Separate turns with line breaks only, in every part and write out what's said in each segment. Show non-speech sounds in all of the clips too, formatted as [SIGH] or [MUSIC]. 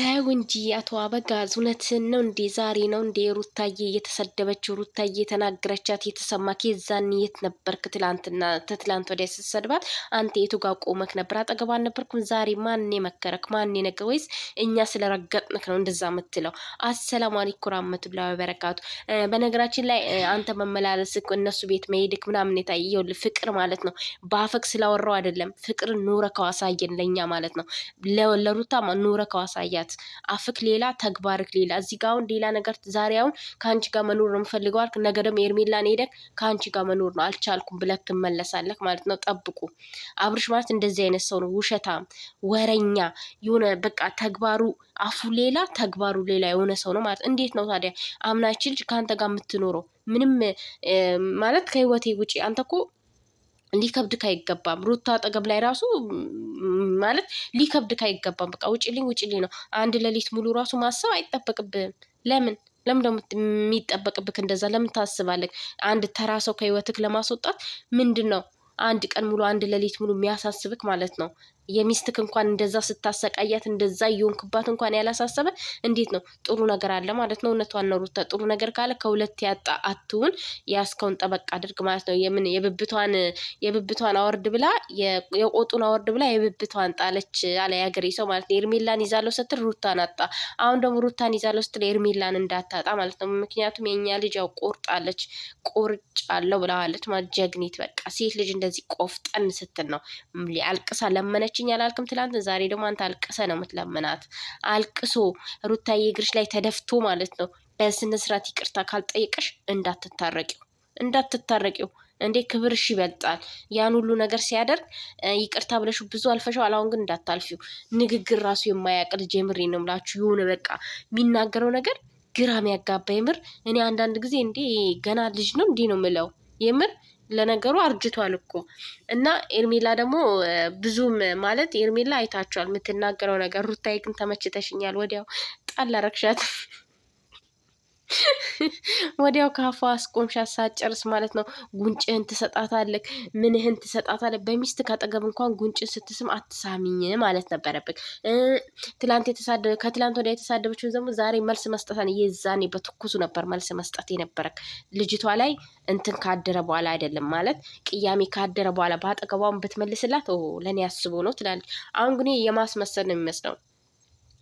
ተው እንጂ አቶ አበጋዝ እውነትን ነው እንዴ? ዛሬ ነው እንዴ ሩታዬ የተሰደበችው? ሩታዬ የተናገረቻት የተሰማ ኬዛን የት ነበርክ? ትላንትና ተትላንት ወዲያ ስትሰድባት አንተ የቱ ጋ ቆመክ ነበር? አጠገብ አልነበርኩም? ዛሬ ማን መከረክ? ማን ነገ? ወይስ እኛ ስለረገጥንክ ነው እንደዛ ምትለው? አሰላሙ አለይኩም ወራህመቱላሂ ወበረካቱ። በነገራችን ላይ አንተ መመላለስክ እነሱ ቤት መሄድክ ምናምን የታየው ፍቅር ማለት ነው። በአፈክ ስላወራው አይደለም ፍቅር ኑረ ከዋሳየን ለእኛ ማለት ነው ለሩታ ኑረ ከዋሳያት ማለት አፍክ ሌላ ተግባርክ ሌላ። እዚህ ጋር አሁን ሌላ ነገር ዛሬ አሁን ከአንቺ ጋር መኖር ነው የምፈልገው አልክ፣ ነገ ደግሞ ኤርሜላን ሄደክ ከአንቺ ጋር መኖር ነው አልቻልኩም ብለክ ትመለሳለክ ማለት ነው። ጠብቁ። አብርሽ ማለት እንደዚህ አይነት ሰው ነው። ውሸታም፣ ወረኛ የሆነ በቃ ተግባሩ አፉ ሌላ ተግባሩ ሌላ የሆነ ሰው ነው ማለት። እንዴት ነው ታዲያ አምናችን ከአንተ ጋር የምትኖረው? ምንም ማለት ከህይወቴ ውጪ አንተ እኮ ሊከብድክ አይገባም። ሩታ አጠገብ ላይ ራሱ ማለት ሊከብድክ አይገባም። በቃ ውጭልኝ ውጭልኝ ነው። አንድ ሌሊት ሙሉ ራሱ ማሰብ አይጠበቅብህም። ለምን ለምን ደሞ የሚጠበቅብክ እንደዛ ለምን ታስባለክ አንድ ተራ ሰው ከህይወትክ ለማስወጣት ምንድን ነው አንድ ቀን ሙሉ አንድ ሌሊት ሙሉ የሚያሳስብክ ማለት ነው። የሚስትክ እንኳን እንደዛ ስታሰቃያት እንደዛ እየሆንክባት እንኳን ያላሳሰበ እንዴት ነው? ጥሩ ነገር አለ ማለት ነው። እውነቷን ነው ሩታ። ጥሩ ነገር ካለ ከሁለት ያጣ አትውን ያስከውን ጠበቅ አድርግ ማለት ነው። የምን የብብቷን የብብቷን አወርድ ብላ የቆጡን አወርድ ብላ የብብቷን ጣለች አለ ያገሬ ሰው ማለት ነው። ኤርሜላን ይዛለው ስትል ሩታን አጣ። አሁን ደግሞ ሩታን ይዛለው ስትል ኤርሜላን እንዳታጣ ማለት ነው። ምክንያቱም የኛ ልጅ ያው ቆርጣለች፣ ቆርጭ አለው ብለዋለች ማለት ጀግኒት። በቃ ሴት ልጅ እንደዚህ ቆፍጠን ስትል ነው አልቅሳ ለመነች አልቀሰችኝ አላልክም? ትላንት ዛሬ ደግሞ አንተ አልቅሰ ነው የምትለምናት። አልቅሶ ሩታዬ እግርሽ ላይ ተደፍቶ ማለት ነው። በስነ ስርዓት ይቅርታ ካልጠየቀሽ እንዳትታረቂው እንዳትታረቂው። እንዴ ክብርሽ ይበልጣል። ያን ሁሉ ነገር ሲያደርግ ይቅርታ ብለሽ ብዙ አልፈሻው። አላሁን ግን እንዳታልፊው። ንግግር ራሱ የማያቅ ልጅ የምሬ ነው የምላችሁ። የሆነ በቃ የሚናገረው ነገር ግራም ያጋባ የምር። እኔ አንዳንድ ጊዜ እንዴ ገና ልጅ ነው እንዲህ ነው ምለው የምር ለነገሩ አርጅቷል እኮ እና ኤርሜላ ደግሞ ብዙም ማለት ኤርሜላ አይታችኋል የምትናገረው ነገር። ሩታዬ ግን ተመችተሽኛል፣ ወዲያው ጣል አረግሻት። [LAUGHS] ወዲያው ካፏ አስቆምሻ ሳጨርስ ማለት ነው። ጉንጭህን ትሰጣታለህ፣ ምንህን ትሰጣታለህ። በሚስት ካጠገብ እንኳን ጉንጭን ስትስም አትሳሚኝ ማለት ነበረብክ። ትላንት የተሳደበ ከትላንት ወዲያ የተሳደበችውን ደግሞ ዛሬ መልስ መስጠታን የዛኔ በትኩሱ ነበር መልስ መስጠት የነበረ ልጅቷ ላይ እንትን ካደረ በኋላ አይደለም ማለት ቅያሜ ካደረ በኋላ በአጠገቧን ብትመልስላት ለእኔ ያስቦ ነው ትላለች። አሁን ግን የማስመሰል ነው የሚመስለው።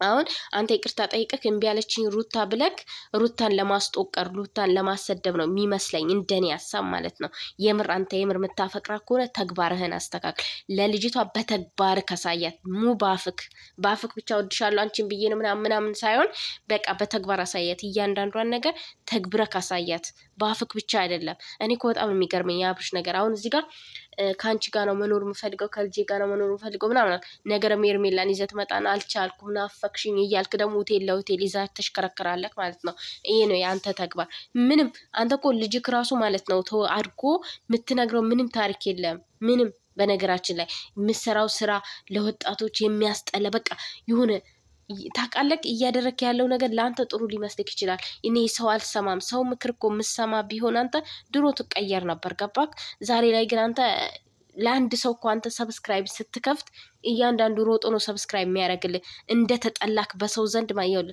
አሁን አንተ ይቅርታ ጠይቀህ እምቢ ያለችኝ ሩታ ብለክ ሩታን ለማስጦቀር ሩታን ለማሰደብ ነው የሚመስለኝ፣ እንደኔ ሀሳብ ማለት ነው። የምር አንተ የምር የምታፈቅራ ከሆነ ተግባርህን አስተካክል። ለልጅቷ በተግባር ከሳያት ሙ ባፍክ ባፍክ ብቻ ወድሻለሁ አንቺን ብዬ ምናምን ምናምን ሳይሆን በቃ በተግባር አሳያት። እያንዳንዷን ነገር ተግብረ ካሳያት በአፍክ ብቻ አይደለም። እኔ እኮ በጣም የሚገርመኝ የአብርሽ ነገር አሁን እዚህ ጋር ከአንቺ ጋር ነው መኖር የምፈልገው ከልጄ ጋር ነው መኖር የምፈልገው ምናምን ነገር ሜርሜላን ይዘት መጣን አልቻልኩም፣ ናፈቅሽኝ እያልክ ደግሞ ሆቴል ለሆቴል ይዛ ተሽከረከራለክ ማለት ነው። ይሄ ነው የአንተ ተግባር። ምንም አንተ እኮ ልጅክ ራሱ ማለት ነው አድጎ የምትነግረው ምንም ታሪክ የለም ምንም በነገራችን ላይ የምሰራው ስራ ለወጣቶች የሚያስጠላ በቃ ይሁን ታውቃለህ እያደረክ ያለው ነገር ለአንተ ጥሩ ሊመስልክ ይችላል። እኔ ሰው አልሰማም ሰው ምክር እኮ የምሰማ ቢሆን አንተ ድሮ ትቀየር ነበር። ገባክ? ዛሬ ላይ ግን አንተ ለአንድ ሰው እኮ አንተ ሰብስክራይብ ስትከፍት እያንዳንዱ ሮጦ ነው ሰብስክራይብ የሚያደርግልህ እንደተጠላክ በሰው ዘንድ ማየውል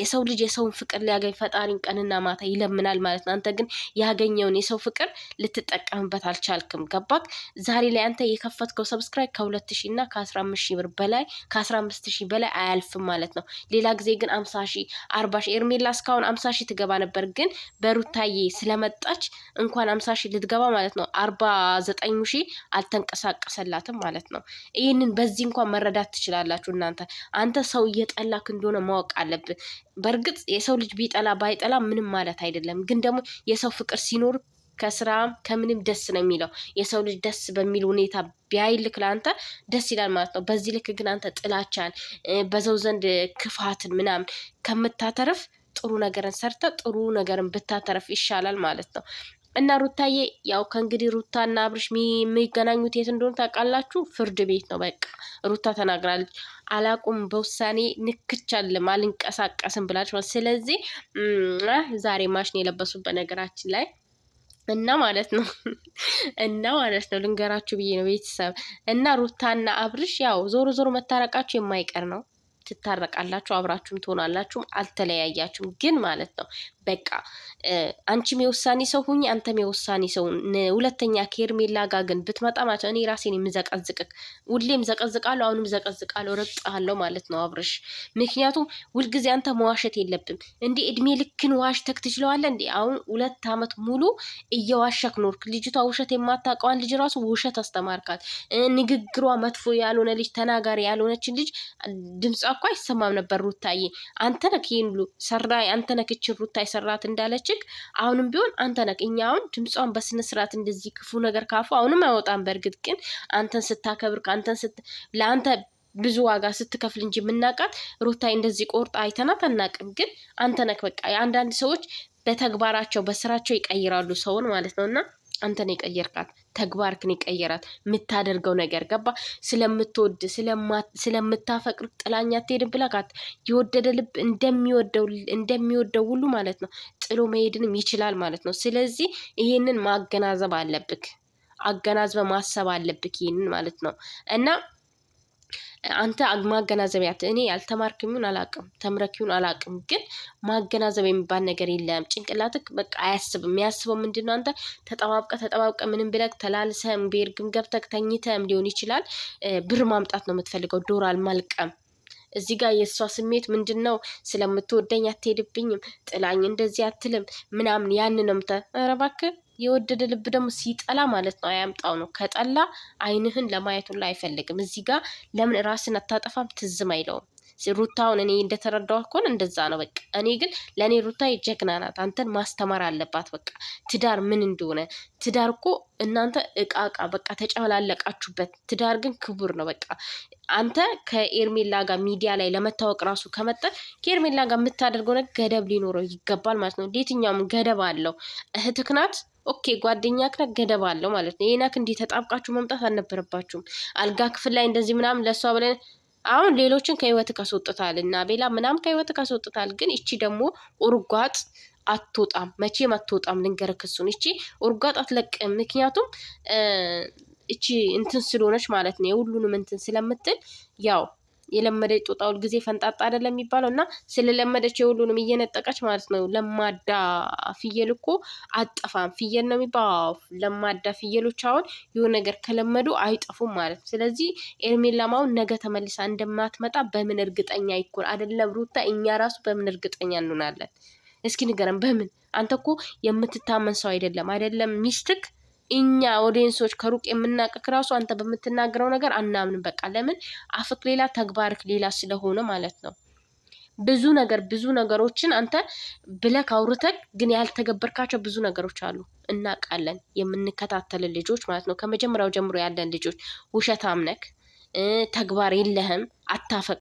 የሰው ልጅ የሰውን ፍቅር ሊያገኝ ፈጣሪን ቀንና ማታ ይለምናል ማለት ነው። አንተ ግን ያገኘውን የሰው ፍቅር ልትጠቀምበት አልቻልክም። ገባክ? ዛሬ ላይ አንተ የከፈትከው ሰብስክራይብ ከሁለት ሺህ እና ከአስራ አምስት ሺህ ብር በላይ ከአስራ አምስት ሺህ በላይ አያልፍም ማለት ነው። ሌላ ጊዜ ግን አምሳ ሺህ አርባ ሺህ ኤርሜላ እስካሁን አምሳ ሺህ ትገባ ነበር፣ ግን በሩታዬ ስለመጣች እንኳን አምሳ ሺህ ልትገባ ማለት ነው አርባ ዘጠኙ ሺህ አልተንቀሳቀሰላትም ማለት ነው። ይህንን በዚህ እንኳን መረዳት ትችላላችሁ እናንተ አንተ ሰው እየጠላክ እንደሆነ ማወቅ አለብን። በእርግጥ የሰው ልጅ ቢጠላ ባይጠላ ምንም ማለት አይደለም። ግን ደግሞ የሰው ፍቅር ሲኖር ከስራ ከምንም ደስ ነው የሚለው። የሰው ልጅ ደስ በሚል ሁኔታ ቢያይልክ ለአንተ ደስ ይላል ማለት ነው። በዚህ ልክ ግን አንተ ጥላቻን በሰው ዘንድ ክፋትን ምናምን ከምታተርፍ ጥሩ ነገርን ሰርተ ጥሩ ነገርን ብታተርፍ ይሻላል ማለት ነው። እና ሩታዬ ያው ከእንግዲህ ሩታ አብርሽ የሚገናኙት የት እንደሆነ ታውቃላችሁ? ፍርድ ቤት ነው። በቃ ሩታ ተናግራለች። አላቁም በውሳኔ ንክቻለም አልንቀሳቀስም ብላች። ስለዚህ ዛሬ ማሽን የለበሱት በነገራችን ላይ እና ማለት ነው [LAUGHS] እና ማለት ነው ልንገራችሁ ብዬ ነው ቤተሰብ እና ሩታና አብርሽ ያው ዞሮ ዞሮ መታረቃችሁ የማይቀር ነው። ትታረቃላችሁ፣ አብራችሁም ትሆናላችሁም፣ አልተለያያችሁም። ግን ማለት ነው በቃ አንቺም የውሳኔ ሰው ሁኝ፣ አንተም የውሳኔ ሰው ሁለተኛ ከሄርሜላ ጋር ግን ብትመጣ ማለት እኔ ራሴን የምዘቀዝቅክ ሁሌም ዘቀዝቃለሁ፣ አሁንም ዘቀዝቃለሁ፣ ረግጥሃለሁ ማለት ነው አብርሽ። ምክንያቱም ሁልጊዜ አንተ መዋሸት የለብም እንዴ። እድሜ ልክን ዋሽተክ ትችለዋለ እንዴ? አሁን ሁለት አመት ሙሉ እየዋሸክ ኖርክ። ልጅቷ ውሸት የማታውቀዋን ልጅ ራሱ ውሸት አስተማርካት። ንግግሯ መጥፎ ያልሆነ ልጅ፣ ተናጋሪ ያልሆነችን ልጅ ድምጿ እኮ አይሰማም ነበር ሩታዬ። አንተነክ ይህን ሁሉ ሰራ አንተነክችን ሩታ ያሰራት እንዳለችግ አሁንም ቢሆን አንተ ነህ። እኛ አሁን ድምጿን በስነ ስርዓት እንደዚህ ክፉ ነገር ካፉ አሁንም አይወጣም። በእርግጥ ግን አንተን ስታከብር አንተን ለአንተ ብዙ ዋጋ ስትከፍል እንጂ የምናውቃት ሩታይ እንደዚህ ቆርጣ አይተናት አናውቅም። ግን አንተ ነህ በቃ። የአንዳንድ ሰዎች በተግባራቸው በስራቸው ይቀይራሉ ሰውን ማለት ነው እና አንተን የቀየርካት ተግባርክን ይቀየራት የምታደርገው ነገር ገባ። ስለምትወድ ስለምታፈቅር ጥላኛ አትሄድም ብላ ካት የወደደ ልብ እንደሚወደው ሁሉ ማለት ነው ጥሎ መሄድንም ይችላል ማለት ነው። ስለዚህ ይሄንን ማገናዘብ አለብክ፣ አገናዝበ ማሰብ አለብክ ይህንን ማለት ነው እና አንተ ያት እኔ ያልተማርክሚውን አላቅም ተምረኪውን አላቅም፣ ግን ማገናዘብ የሚባል ነገር የለም። ጭንቅላትክ በቃ አያስብም። የሚያስበው ምንድን ነው? አንተ ተጠባብቀ ተጠባብቀ ምንም ብለክ ተላልሰም ቤርግም ገብተክ ተኝተም ሊሆን ይችላል ብር ማምጣት ነው የምትፈልገው ዶራል ማልቀም እዚህ ጋር የእሷ ስሜት ምንድን ነው? ስለምትወደኝ አትሄድብኝም፣ ጥላኝ እንደዚህ አትልም ምናምን ያን ነው ምተ ረባክ የወደደ ልብ ደግሞ ሲጠላ ማለት ነው አያምጣው ነው። ከጠላ አይንህን ለማየቱን ላይ አይፈልግም። እዚህ ጋር ለምን ራስን አታጠፋም? ትዝም አይለውም። ሩታውን እኔ እንደተረዳው ከሆነ እንደዛ ነው በቃ። እኔ ግን ለእኔ ሩታ ጀግና ናት። አንተን ማስተማር አለባት በቃ ትዳር ምን እንደሆነ። ትዳር እኮ እናንተ እቃ እቃ በቃ ተጨመላለቃችሁበት። ትዳር ግን ክቡር ነው በቃ። አንተ ከኤርሜላ ጋር ሚዲያ ላይ ለመታወቅ ራሱ ከመጠ ከኤርሜላ ጋር የምታደርገው ነገር ገደብ ሊኖረው ይገባል ማለት ነው። የትኛውም ገደብ አለው። እህትህ ናት ኦኬ ጓደኛ ክነ ገደብ አለው ማለት ነው። ይሄን ያክል እንዲህ ተጣብቃችሁ መምጣት አልነበረባችሁም። አልጋ ክፍል ላይ እንደዚህ ምናምን ለእሷ ብለን አሁን ሌሎችን ከህይወት ከስወጥታል እና ቤላ ምናምን ከህይወት ከስወጥታል። ግን እቺ ደግሞ ኡርጓጥ አትወጣም፣ መቼም አትወጣም። ልንገር ክሱን እቺ ኡርጓጥ አትለቅም። ምክንያቱም እቺ እንትን ስለሆነች ማለት ነው የሁሉንም እንትን ስለምትል ያው የለመደች ጦጣ ሁል ጊዜ ፈንጣጣ አይደለም የሚባለው እና ስለለመደች የሁሉንም እየነጠቀች ማለት ነው። ለማዳ ፍየል እኮ አጠፋም ፍየል ነው የሚባለው። ለማዳ ፍየሎች አሁን የሆነ ነገር ከለመዱ አይጠፉም ማለት ነው። ስለዚህ ኤርሜላም አሁን ነገ ተመልሳ እንደማትመጣ በምን እርግጠኛ ይኮን? አይደለም ሩታ፣ እኛ ራሱ በምን እርግጠኛ እንሆናለን? እስኪ ንገረን፣ በምን አንተ እኮ የምትታመን ሰው አይደለም አይደለም ሚስትክ እኛ ኦዲየንሶች ከሩቅ የምናቀክ ራሱ አንተ በምትናገረው ነገር አናምንም። በቃ ለምን አፍክ ሌላ ተግባርክ ሌላ ስለሆነ ማለት ነው። ብዙ ነገር ብዙ ነገሮችን አንተ ብለክ አውርተክ ግን ያልተገበርካቸው ብዙ ነገሮች አሉ። እናውቃለን፣ የምንከታተልን ልጆች ማለት ነው። ከመጀመሪያው ጀምሮ ያለን ልጆች ውሸታም ነክ ተግባር የለህም አታፈቅ